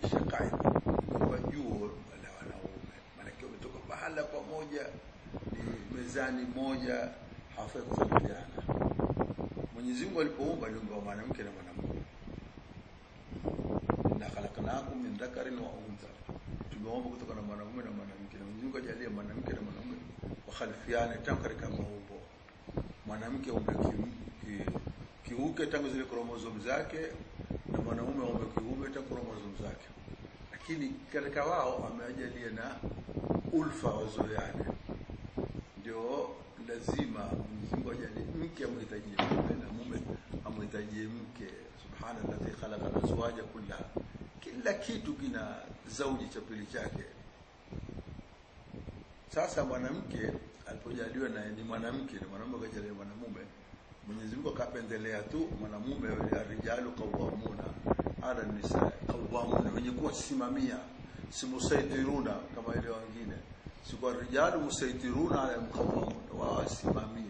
kisha kaeni wajue wale wanaume, maanake wametoka mahala pamoja, ni mezani moja, hawafai kufarijiana. Mwenyezi Mungu alipoumba aliumba mwanamke na mwanamume, inna khalaqnakum min dhakarin wa untha, tumeumba kutoka na mwanamume na mwanamke, na Mwenyezi Mungu ajalie mwanamke na mwanamume wakhalifiane tangu katika maumbo, mwanamke umbe kiuke tangu zile kromosomu zake lakini katika wao amewajalia na ulfa wazoeane. Ndio lazima Mwenyezi Mungu ajalie mke amhitajie mume na mume amhitajie mke. Subhana alladhi khalaqa azwaja kullaha, kila kitu kina zauji cha pili chake. Sasa mwanamke alipojaliwa na ni mwanamke na mwanamume akajaliwa mwanamume, Mwenyezi Mungu akapendelea tu mwanamume, arijalu qawwamuna ala nisaa qawwamuna, wenye kuwasimamia, si musaitiruna kama ile wengine, si kwa rijalu musaitiruna ala mqawwamuna, wawasimamie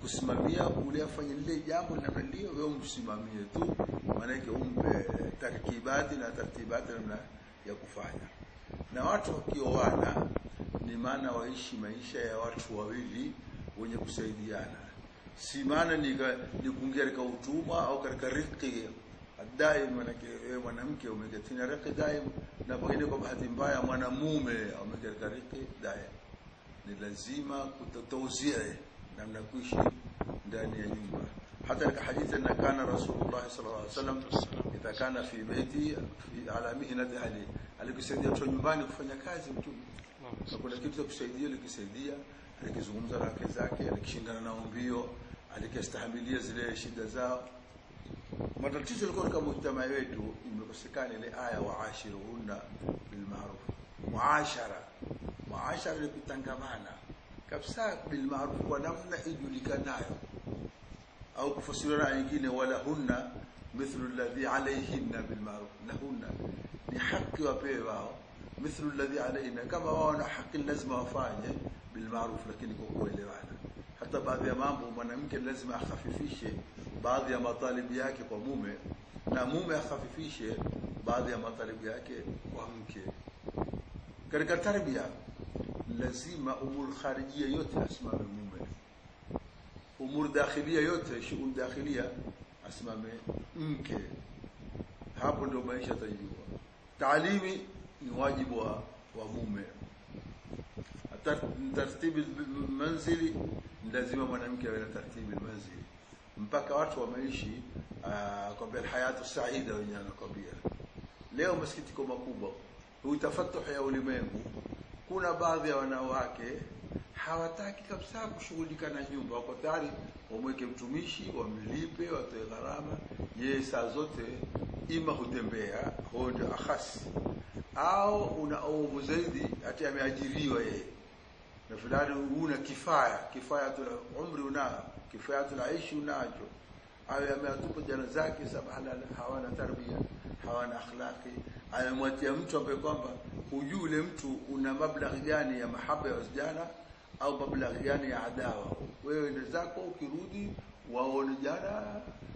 kusimamia ule afanye lile jambo linapendea, wewe umsimamie tu, maanake umpe tarkibati na tartibati namna ya kufanya. Na watu wakioana, ni maana waishi maisha ya watu wawili wenye kusaidiana, si maana ni kuingia katika utumwa au katika riki Addaim manake wewe eh, mwanamke umeingia riki daim, na pengine kwa bahati mbaya mwanamume ameingia riki daim, ni lazima kutotauzie eh, namna kuishi ndani ya nyumba. Hata katika hadithi na kana Rasulullah sallallahu alaihi wasallam idha kana fi baiti ala mihnati ahli, alikusaidia mtu nyumbani kufanya kazi mtu na kuna kitu cha kusaidia, alikisaidia, alikizungumza na wake zake, alikishindana na mbio, alikistahimilia zile shida zao Matatizo yalikuwa katika mujtamaa wetu, imekosekana ile aya waashiruhunna bilmaruf, muashara. Muashara ni kutangamana kabisa bilmaruf, kwa namna ijulikanayo au na nyingine, wala hunna mithlu alladhi alayhinna bilmaruf, lahunna ni haki wapewe wao, mithlu alladhi alayhinna, kama wao na haki lazima wafanye bilmaruf, lakini kwa kuelewana. Hata baadhi ya mambo mwanamke lazima akhafifishe baadhi ya matalibu yake kwa mume na mume akhafifishe baadhi ya matalibu yake kwa mke. Katika tarbia lazima umur kharijia yote asimame mume, umur dakhilia yote, shughuli dakhilia asimame mke. Hapo ndio maisha tajua. Taalimi ni wajibu wa, wa mume tartibi manzili, lazima mwanamke awe na tartibi manzili mpaka watu wameishi uh, kwambia alhayatu saida, wenye anakwambia leo. Masikitiko makubwa utafatuh ya ulimwengu, kuna baadhi ya wanawake hawataki kabisa kushughulika na nyumba, wako tayari wamweke mtumishi, wamlipe, watoe gharama. Yeye saa zote ima hutembea, huyo ndio akhasi, au una ovu zaidi, hata ameajiriwa yeye na fulani, una kifaya, kifaya tu umri unayo kifaa tunaishi nacho awe ameatupa jana zake sababu hawana tarbia hawana akhlaqi amemwatia mtu ambaye kwamba hujui ule mtu una mablaghi gani ya mahaba ya wasijana au mablaghi gani ya adawa wewe ende zako ukirudi waone jana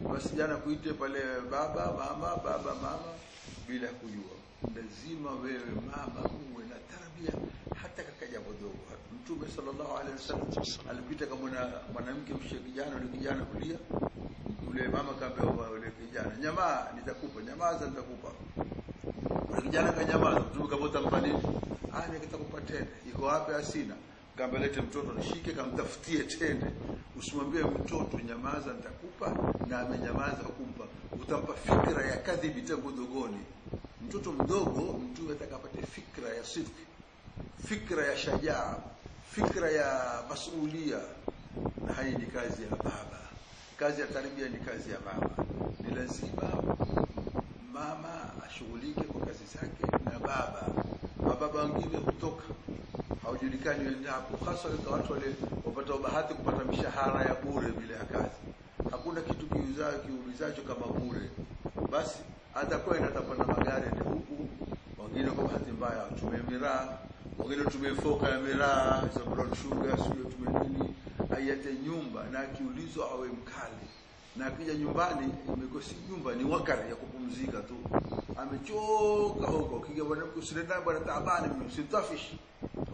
wasijana kuite pale baba mama baba mama bila kujua lazima wewe mama uwe sallallahu alaihi wasallam alipita kama mwanamke mshe kijana yule kijana kulia, yule mama kaambia yule kijana, nyamaa nitakupa, za nitakupa. Yule kijana kanyamaza, mtume kabota mpanini, ah, ni kitakupa tena Iko wapi? Asina. kambelete mtoto nishike, kamtafutie tende. Usimwambie mtoto nyamaza, nitakupa, na amenyamaza kumpa utampa fikra ya kadhibi tangu dogoni. Mtoto mdogo mtu atakapata fikra ya sidiki, fikra ya shajaa fikra ya masuulia na hai ni kazi ya baba kazi ya tarbia ni kazi ya mama ni lazima mama ashughulike kwa kazi zake na baba mababa wengine hutoka haujulikani wendapo hasa kwa watu wale wapata bahati kupata mishahara ya bure bila ya kazi hakuna kitu kiuzao kiulizacho kama bure basi hata kwenda magari ni huku wengine kwa bahati mbaya watumie miraa wengine tumefoka ya miraa za brown sugar, sio tume nini, aiate nyumba na akiulizwa awe mkali, na akija nyumbani imekuwa si nyumba, ni wakati ya kupumzika tu, amechoka huko. Akija mwanamke usinenda bwana, taabani mimi, sitafishi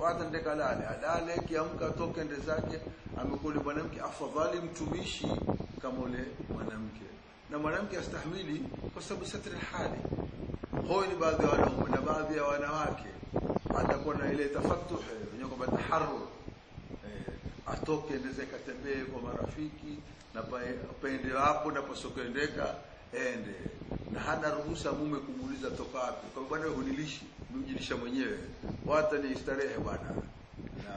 wata ndeka lale alale, kiamka toke ndeza zake. Amekuwa mwanamke afadhali mtumishi kama ule mwanamke, na mwanamke astahimili kwa sababu satri hali. Hoyo ni baadhi ya wanaume na baadhi ya wanawake atakuwa na ile tafatuh eh, yenyewe kwamba taharru eh, atoke ndeze katembee kwa marafiki na paende hapo na pasokendeka ende na hana ruhusa mume kumuuliza toka wapi kwa bwana hunilishi nijilisha mwenyewe wata ni starehe bwana na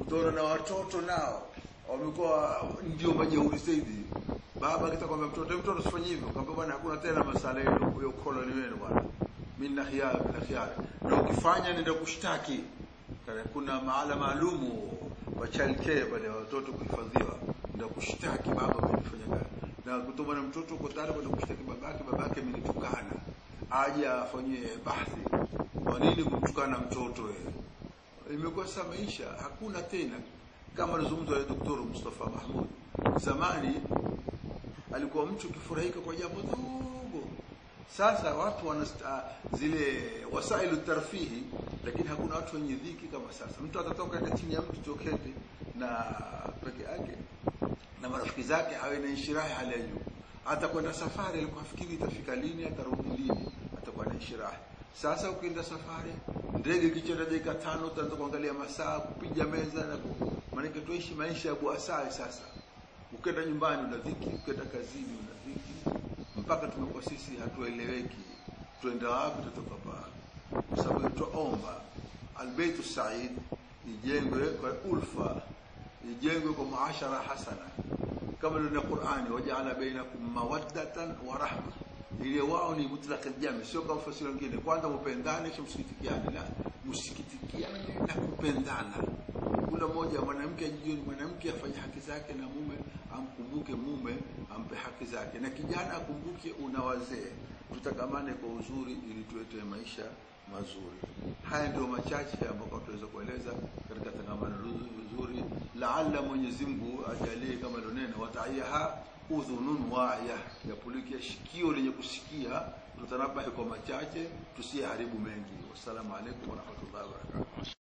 utaona na watoto nao wamekuwa ndio majeuri zaidi baba akitakwambia mtoto mtoto usifanye hivyo kwamba bwana hakuna tena masala yenu ya wenu bwana min akhyar min akhyar na ukifanya nenda kushtaki kuna maala maalumu wa wachalke wale watoto kuhifadhiwa nenda kushtaki baba amefanya gani na kutuma na mtoto uko tayari kwenda kushtaki babake babake amenitukana aje afanyie bahthi kwa nini kumtukana mtoto wewe imekuwa sasa maisha hakuna tena kama alizungumza yule daktari Mustafa Mahmud zamani alikuwa mtu kifurahika kwa jambo dogo sasa watu wana uh, zile wasailu tarfihi, lakini hakuna watu wenye dhiki kama sasa. Mtu atatoka enda chini ya mtu choketi na peke yake na marafiki zake, awe na inshirahi hali ya juu. Atakwenda safari, alikuwa afikiri itafika lini, atarudi lini, atakuwa na inshirahi. Sasa ukienda safari, ndege ikichenda dakika tano, utaanza kuangalia masaa, kupiga meza na maanake, tuishi maisha ya buasaa. Sasa ukienda nyumbani una dhiki, ukienda kazini una dhiki mpaka tumekuwa sisi hatueleweki, twenda wapi, tutoka pale, kwa sababu twaomba albeitu said ijengwe kwa ulfa, ijengwe kwa maashara hasana, kama ndio na Qur'ani, wajaala bainakum mawaddatan wa rahma. Ile wao ni mutlaq aljami, sio kwa fasiri wengine, kwanza mpendane, kisha msikitikiane. La, msikitikiane na kupendana, kula moja mwanamke ajioni mwanamke afanye zake na mume, amkumbuke mume, ampe haki zake, na kijana akumbuke una wazee. Tutakamane kwa uzuri ili tuwete maisha mazuri. Haya ndio machache ambayo tunaweza kueleza katika tangamano nzuri. Laalla Mwenyezi Mungu ajalie kama lonena wataiha udhunun waya, yapulike shikio lenye kusikia. Tutanabahi kwa machache, tusiharibu mengi. wa rahmatullahi wa barakatuh